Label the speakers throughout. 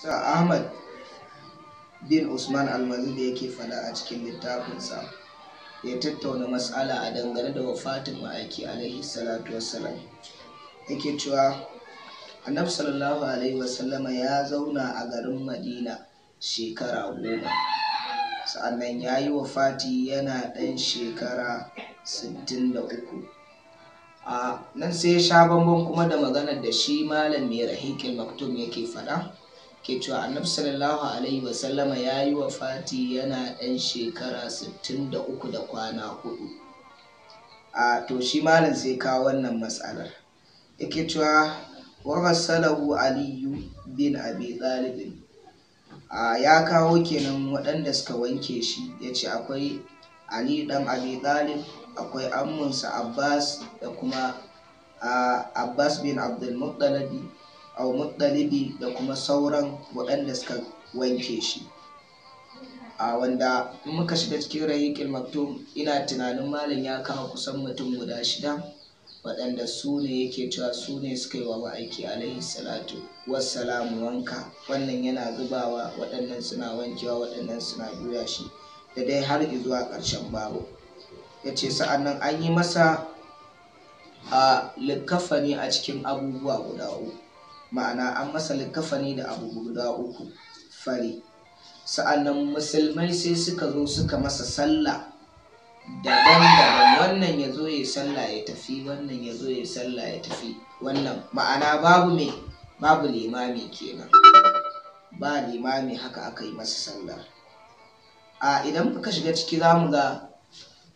Speaker 1: sa ahmad bin usman almazi da yake fada a cikin littafinsa ya tattauna matsala a dangane da wafatin ma'aiki alaihi salatu wassalam yake cewa annabi sallallahu alaihi wasallama ya zauna a garin madina shekara goma sa'annan ya yi wafati yana ɗan shekara 63 a nan sai ya sha bambam kuma da maganar da shi malam mai rahikin maktum yake fada ke cewa annabi sallallahu alaihi sallama ya yi wa fati yana ɗan shekara 63 da kwana huɗu. a to shi malam sai kawo wannan matsalar Ya ke cewa Salahu aliyu bin abi ɗalibin ya kawo kenan waɗanda suka wanke shi ya ce akwai ali ɗan abi ɗalib akwai ammunsa abbas da kuma abbas bin abdulmuttalabi au muttalibi da kuma sauran waɗanda suka wanke shi a wanda muka shiga cikin rayu maktum ina tunanin malam ya kawo kusan mutum guda shida waɗanda su ne yake cewa su ne suka yi wa ma'aiki alaihi salatu wassalamu wanka wannan yana zubawa waɗannan suna wankewa waɗannan suna juya shi da dai har zuwa ƙarshen babu. ya ce sa'annan an yi masa a likafani a cikin abubuwa guda uku ma'ana an masa likafani da abu guda uku fari sa'annan musulmai sai suka zo suka masa sallah daban-daban wannan ya zo ya sallah ya tafi wannan ya zo ya sallah ya tafi wannan ma'ana babu me babu limami kenan ba limami haka aka yi masa sallah a idan muka shiga ciki za mu ga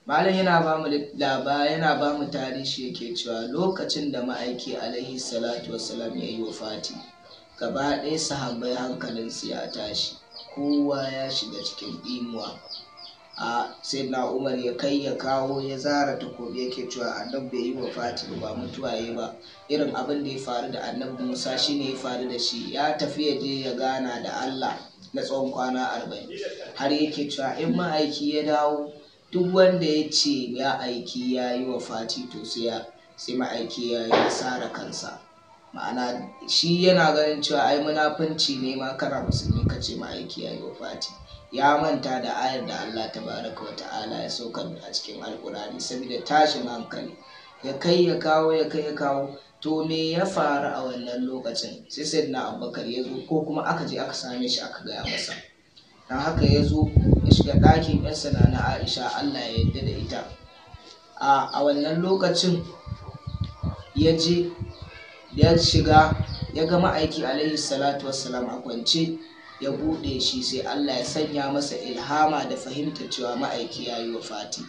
Speaker 1: malam yana ba mu laba yana ba mu tarihi yake cewa lokacin da ma'aiki alaihi salatu wasalam ya yi wafati gaba ɗaya sahabbai su ya tashi kowa ya shiga cikin imuwa a sai na umar ya kai ya kawo ya zara takobi yake cewa annabi bai yi wa Fati ba mutuwa ya ba irin abin da ya faru da annabi musa shine ya faru da shi ya tafi ya je ya gana da allah na tsawon kwana arba'in har yake cewa in ma'aiki ya dawo duk wanda ya ce ya aiki ya yi wa fati to sai ma'aiki ya yi kansa ma'ana shi yana ganin cewa ai munafunci ne ma kana musulmi ka ce ma'aiki ya yi wa fati ya manta da ayar da Allah ta baraka wa ta'ala ya saukar a cikin alkurani saboda tashin hankali ya kai ya kawo ya kai ya kawo to me ya faru a wannan lokacin sai na abubakar ya zo ko kuma aka je aka same shi aka gaya masa don haka ya zo ya shiga ɗakin yarsa na aisha allah ya yarda da ita a wannan lokacin ya je ya shiga ya ga aiki alaihi salatu wassalam a kwance ya buɗe shi sai allah ya sanya masa ilhama da fahimta cewa ma'aiki ya yi wa fati